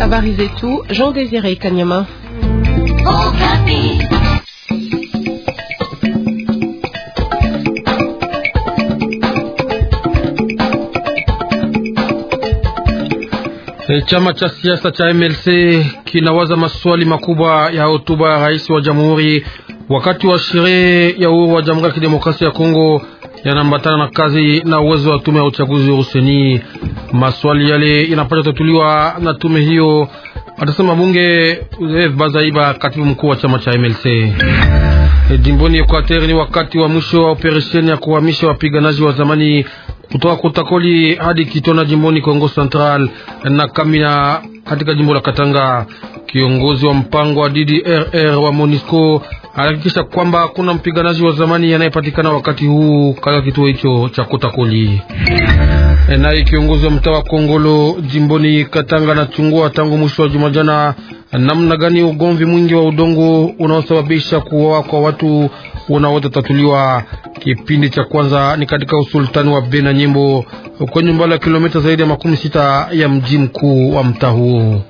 Habari zetu Jean Désiré Kanyama. E, chama cha siasa cha MLC kinawaza maswali makubwa ya hotuba ya rais wa jamhuri wakati wa sherehe ya uhuru wa Jamhuri ya Kidemokrasia ya Kongo yanaambatana na kazi na uwezo wa tume ya uchaguzi wa useni. Maswali yale yanapaswa kutatuliwa na tume hiyo, atasema bunge Rev Bazaiba, katibu mkuu wa chama cha MLC. Jimboni Equateur ni wakati wa mwisho wa operesheni ya kuhamisha wapiganaji wa zamani kutoka kutakoli hadi Kitona jimboni Kongo Central na Kamina katika jimbo la Katanga. Kiongozi wa mpango wa DDRR wa MONUSCO anahakikisha kwamba hakuna mpiganaji wa zamani anayepatikana wakati huu katika kituo hicho cha Kotakoli. E, naye kiongozi wa mtaa wa Kongolo jimboni Katanga anachungua tangu mwisho wa jumajana namna gani ugomvi mwingi wa udongo unaosababisha kuoa kwa watu tatuliwa. Kipindi cha kwanza ni katika usultani wa Bena Nyimbo, kwenye umbali wa kilomita zaidi ya makumi sita ya mji mkuu wa mtaa huo.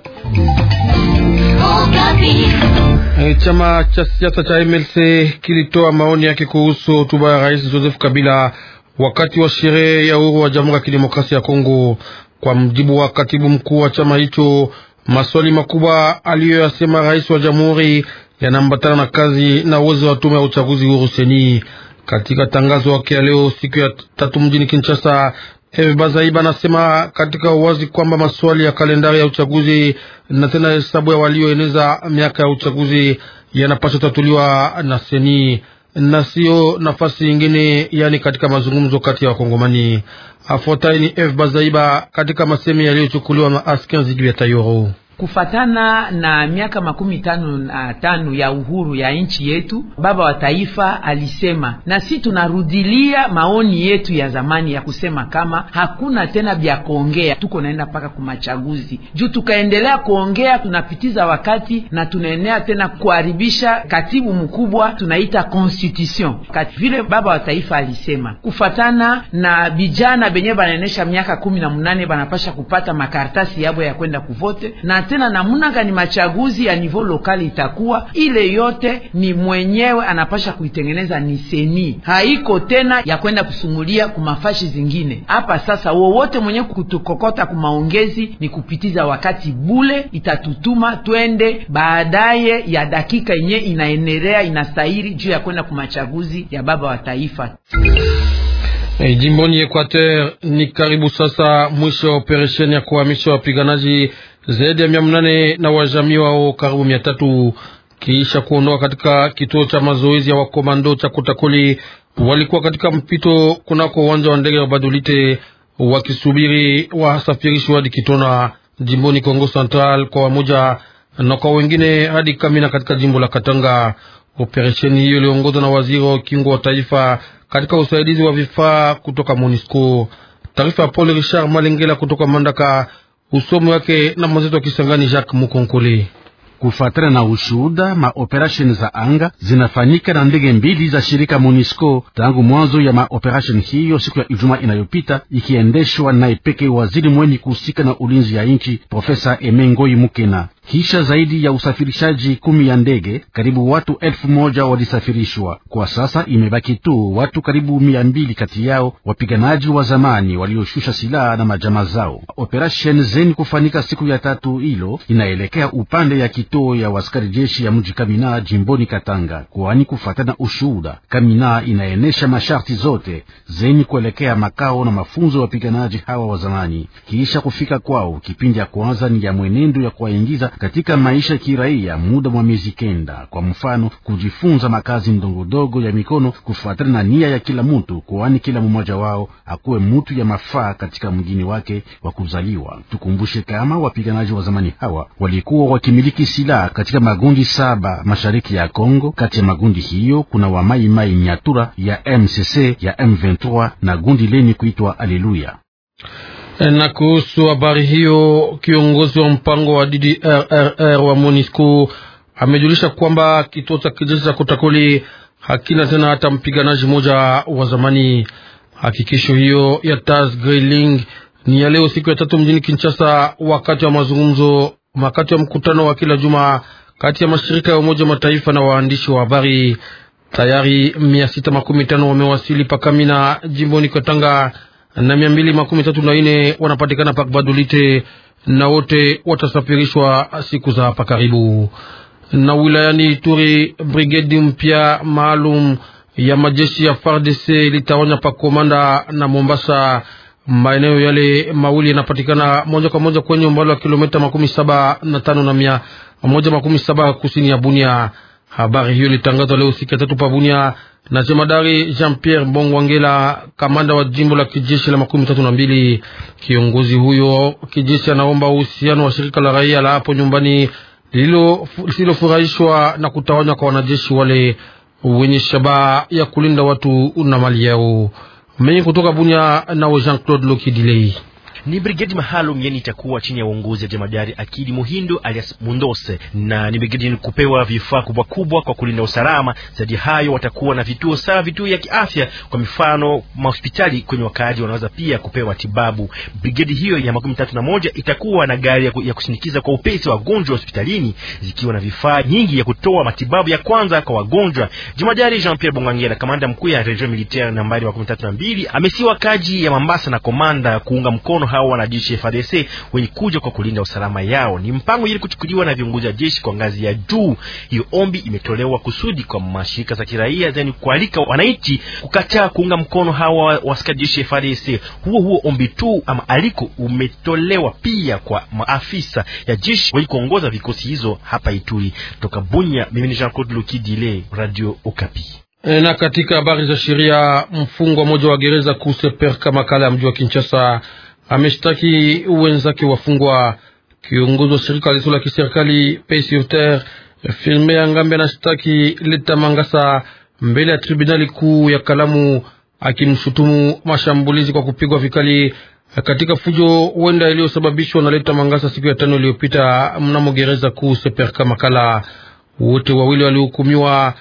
Eh, chama cha siasa cha MLC kilitoa maoni yake kuhusu hotuba ya Rais Joseph Kabila wakati wa sherehe ya uhuru wa Jamhuri ya Kidemokrasia ya Kongo. Kwa mjibu wa katibu mkuu wa chama hicho, maswali makubwa aliyoyasema rais wa jamhuri yanaambatana na kazi na uwezo wa tume ya uchaguzi huru seni. Katika tangazo wake ya leo siku ya tatu mjini Kinshasa, Eva bazaiba anasema katika uwazi kwamba maswali ya kalendari ya uchaguzi na tena hesabu ya walioeneza miaka ya uchaguzi yanapaswa tatuliwa na seni na siyo nafasi nyingine, yani katika mazungumzo kati ya Wakongomani. ni f bazaiba katika masemi yaliyochukuliwa na Askenzi juu ya Tayoro kufatana na miaka makumi tano na tano ya uhuru ya nchi yetu, baba wa taifa alisema, na si tunarudilia maoni yetu ya zamani ya kusema kama hakuna tena vya kuongea, tuko naenda mpaka kumachaguzi juu tukaendelea kuongea, tunapitiza wakati na tunaenea tena kuharibisha katibu mkubwa tunaita constitution. Vile baba wa taifa alisema, kufatana na vijana benye banaenesha miaka kumi na munane banapasha kupata makaratasi yabo ya kwenda kuvote na tena namna gani machaguzi ya nivo lokali itakuwa. Ile yote ni mwenyewe anapasha kuitengeneza, ni seni, haiko tena ya kwenda kusumulia kumafashi zingine hapa. Sasa wowote mwenyewe kutukokota kumaongezi ni kupitiza wakati bule, itatutuma twende baadaye ya dakika yenye inaendelea inastahili juu ya kwenda kumachaguzi ya baba wa taifa. Hey, jimboni Equateur ni karibu sasa mwisho wa operesheni ya kuhamisha wapiganaji zaidi ya mia mnane na wajamii wao karibu mia tatu kisha kuondoka katika kituo cha mazoezi ya wakomando cha Kotakoli walikuwa katika mpito kunako uwanja wa ndege wa Badulite wakisubiri wasafirishi hadi Kitona jimboni Kongo Central kwa wamoja na kwa wengine hadi Kamina katika jimbo la Katanga. Operesheni hiyo iliongozwa na waziri wa ukingo wa taifa katika usaidizi wa vifaa kutoka MONUSCO. Taarifa ya Paul Richard Malengela kutoka Mandaka. Usomi wake na mwenzetu wa Kisangani Jacques Mukonkole. Kufuatana na ushuhuda, maoperasheni za anga zinafanyika na ndege mbili za shirika MONUSCO tangu mwanzo ya maoperasheni hiyo siku ya Ijumaa inayopita, ikiendeshwa naye peke waziri mwenye kuhusika na ulinzi ya nchi Profesa Emengoi Mukena. Kisha zaidi ya usafirishaji kumi ya ndege, karibu watu elfu moja walisafirishwa. Kwa sasa imebaki tu watu karibu mia mbili, kati yao wapiganaji wa zamani walioshusha silaha na majama zao. Operasheni zeni kufanyika siku ya tatu hilo inaelekea upande ya kituo ya waskari jeshi ya mji Kamina jimboni Katanga, kwani kufatana ushuhuda Kamina inaenesha masharti zote zeni kuelekea makao na mafunzo ya wapiganaji hawa wa zamani. Kisha kufika kwao, kipindi ya kwanza ni ya mwenendo ya kuwaingiza katika maisha kiraia muda mwa miezi kenda, kwa mfano kujifunza makazi ndogodogo ya mikono kufuatana na nia ya kila mtu, kwani kila mmoja wao akuwe mtu ya mafaa katika mgini wake wa kuzaliwa. Tukumbushe kama wapiganaji wa zamani hawa walikuwa wakimiliki silaha katika magundi saba mashariki ya Kongo. Kati ya magundi hiyo kuna wamaimai Nyatura ya MCC ya M23 na gundi leni kuitwa Aleluya. Eh, na kuhusu habari hiyo, kiongozi wa mpango wa DDRR wa MONUSCO amejulisha kwamba kituo cha kijeshi cha Kotakoli hakina tena hata mpiganaji mmoja wa zamani. Hakikisho hiyo ya Tas Grayling ni ya leo siku ya tatu mjini Kinshasa, wakati wa mazungumzo wakati wa mkutano wa kila juma kati ya mashirika ya Umoja Mataifa na waandishi wa habari. Tayari mia sita makumi tano wamewasili Pakamina, jimboni Katanga na mia mbili makumi tatu na nne wanapatikana Pakbadulite na wote watasafirishwa siku za hapa karibu. Na wilayani Ituri, brigedi mpya maalum ya majeshi ya FARDC litawanya pakomanda na Mombasa. Maeneo yale mawili yanapatikana moja kwa moja kwenye umbali wa kilomita makumi saba na tano na mia moja makumi saba kusini ya Bunia. Habari hiyo ilitangazwa leo siku ya tatu pabunia na jemadari Jean Pierre Bongwangela, kamanda wa jimbo la kijeshi la makumi tatu na mbili. Kiongozi huyo kijeshi anaomba uhusiano wa shirika la raia la hapo nyumbani lisilofurahishwa na kutawanywa kwa wanajeshi wale wenye shabaha ya kulinda watu na mali yao. Mengi kutoka Bunia, nawe Jean Claude Lokidilei. Ni brigedi maalum yeni itakuwa chini ya uongozi wa jemadari Akidi Muhindo alias Mundose, na ni brigedi kupewa vifaa kubwa kubwa kwa kulinda usalama. Zaidi hayo, watakuwa na vituo sawa, vituo ya kiafya, kwa mifano mahospitali kwenye wakaaji wanaweza pia kupewa tibabu. Brigedi hiyo ya makumi tatu na moja itakuwa na gari ya, ya kusindikiza kwa upesi wagonjwa hospitalini zikiwa na vifaa nyingi ya kutoa matibabu ya kwanza kwa wagonjwa. Jemadari Jean Pierre Bongangela, kamanda mkuu ya region militaire nambari makumi tatu na mbili, amesiwa kaji ya Mambasa na komanda kuunga mkono hao wanajeshi FDC wenye kuja kwa kulinda usalama yao. Ni mpango ili kuchukuliwa na viongozi wa jeshi kwa ngazi ya juu. Hiyo ombi imetolewa kusudi kwa mashirika za kiraia zani kualika wananchi kukataa kuunga mkono hawa waskari jeshi FDC. Huo huo ombi tu ama aliko umetolewa pia kwa maafisa ya jeshi wenye kuongoza vikosi hizo hapa Ituri. Toka Bunya, mimi ni Jean-Claude Lukidile, Radio Okapi. E, na katika habari za sheria, mfungwa mmoja wa gereza kuu Seperka makala ya mji wa Kinshasa ameshtaki wenzake wafungwa. Kiongozi wa shirika lisilo la kiserikali Peysioter Firme ya Ngambe anashtaki Leta Mangasa mbele ya tribunali kuu ya Kalamu akimshutumu mashambulizi kwa kupigwa vikali katika fujo wenda iliyosababishwa na Leta Mangasa siku ya tano iliyopita mnamo gereza kuu Seperka Makala. Wote wawili walihukumiwa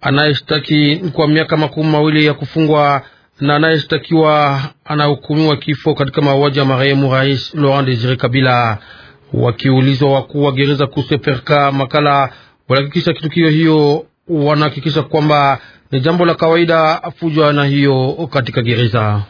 anayeshtaki kwa miaka makumi mawili ya kufungwa na anayeshtakiwa anahukumiwa kifo katika mauaji ya marehemu Rais Laurent Desire Kabila. Wakiulizwa wakuu wa gereza kuseperka makala walihakikisha kitukio hiyo, wanahakikisha kwamba ni jambo la kawaida fujo na hiyo katika gereza.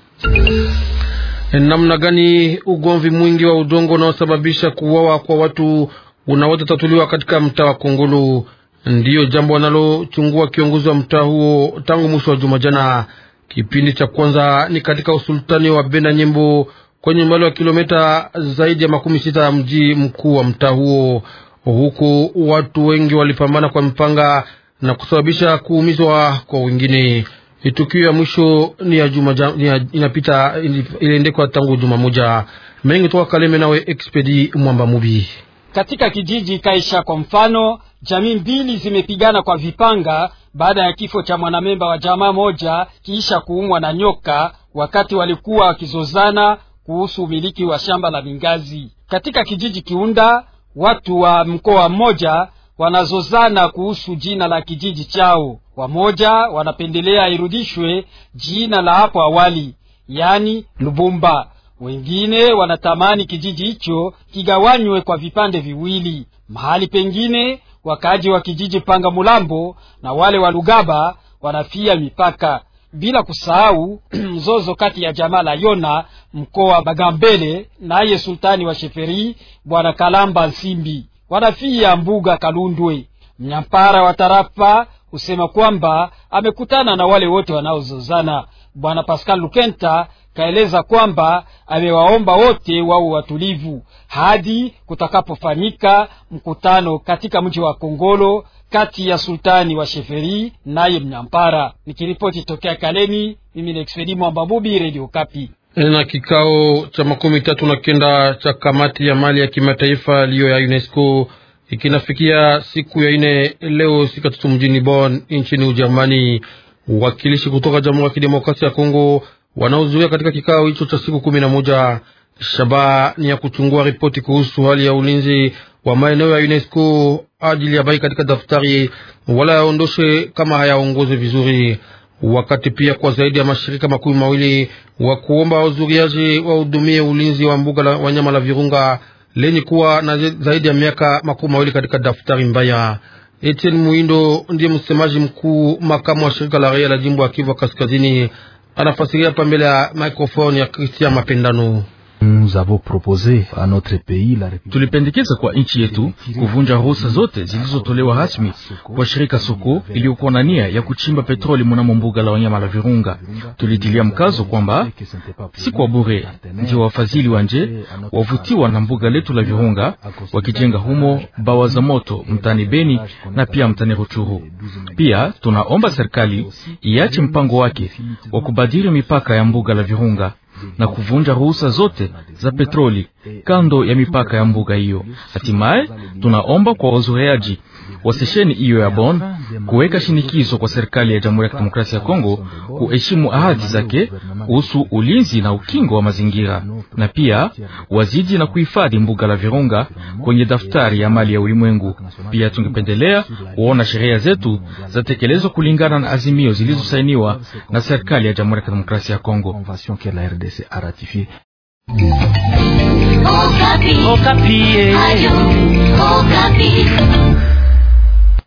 Namna gani ugomvi mwingi wa udongo unaosababisha kuuawa kwa watu unaweza tatuliwa katika mtaa wa Kongolo? Ndiyo jambo analochungua kiongozi wa mtaa huo tangu mwisho wa juma jana. Kipindi cha kwanza ni katika usultani wa Bena Nyembo kwenye umbali wa kilomita zaidi ya makumi sita ya mji mkuu wa mtaa huo. Huku watu wengi walipambana kwa mpanga na kusababisha kuumizwa kwa wengine. Tukio ya mwisho ni ya juma inapita iliendekwa tangu juma moja. Mengi toka Kaleme nawe Expedi Mwamba Mubi. Katika kijiji Kaisha kwa mfano, jamii mbili zimepigana kwa vipanga baada ya kifo cha mwanamemba wa jamaa moja kisha kuumwa na nyoka wakati walikuwa wakizozana kuhusu umiliki wa shamba la Mingazi katika kijiji Kiunda. Watu wa mkoa mmoja wanazozana kuhusu jina la kijiji chao. Wamoja wanapendelea irudishwe jina la hapo awali, yani Lubumba. Wengine wanatamani kijiji hicho kigawanywe kwa vipande viwili. Mahali pengine wakaaji wa kijiji Panga Mulambo na wale wa Lugaba wanafia mipaka, bila kusahau mzozo kati ya jamaa la Yona mkoa Bagambele naye sultani wa Sheferi bwana Kalamba Nsimbi wanafia mbuga Kalundwe. Mnyampara wa tarafa husema kwamba amekutana na wale wote wanaozozana. Bwana Pascal Lukenta kaeleza kwamba amewaomba wote wawe watulivu hadi kutakapofanyika mkutano katika mji wa Kongolo kati ya sultani wa Sheferi naye Mnyampara. Nikiripoti tokea kaleni mimi ni Mwamba Bubi, Kapi. Na kikao cha makumi tatu na kenda cha kamati ya mali ya kimataifa iliyo ya UNESCO ikinafikia siku ya ine leo siku tatu mjini bon nchini Ujerumani. Wakilishi kutoka Jamhuri ya Kidemokrasia ya Kongo wanaozuia katika kikao hicho cha siku kumi na moja. Shabaha ni ya kuchungua ripoti kuhusu hali ya ulinzi wa maeneo ya UNESCO ajili ya bai katika daftari wala yaondoshe kama hayaongozi vizuri, wakati pia kwa zaidi ya mashirika makumi mawili wa kuomba wazuriaji wahudumie ulinzi wa mbuga la wanyama la Virunga lenye kuwa na zaidi ya miaka makumi mawili katika daftari mbaya. Etienne Muindo ndiye msemaji mkuu makamu wa shirika la raia la jimbo ya Kivu Kaskazini anafasiria pambele ya mikrofoni ya christian Mapendano. Tulipendekeza kwa nchi yetu kuvunja ruhusa zote zilizotolewa rasmi kwa shirika Soko iliyokuwa na nia ya kuchimba petroli mnamo mbuga la wanyama la Virunga. Tulitilia mkazo kwamba si kwa bure ndio wafadhili wa nje wavutiwa na mbuga letu la Virunga, wakijenga humo bawa za moto mtani Beni na pia mtani Ruchuru. Pia tunaomba serikali iache mpango wake wa kubadili mipaka ya mbuga la Virunga na kuvunja ruhusa zote za petroli kando ya mipaka ya mbuga hiyo. Hatimaye tunaomba kwa wazoeaji Wasesheni hiyo ya Bonn kuweka shinikizo kwa serikali ya Jamhuri ya Kidemokrasia ya Kongo kuheshimu ahadi zake kuhusu ulinzi na ukingo wa mazingira na pia wazidi na kuhifadhi mbuga la Virunga kwenye daftari ya mali ya ulimwengu. Pia tungependelea kuona sheria zetu zatekelezwa kulingana na azimio zilizosainiwa na serikali ya Jamhuri ya Kidemokrasia ya Kongo. Okapi. Okapi. Eh.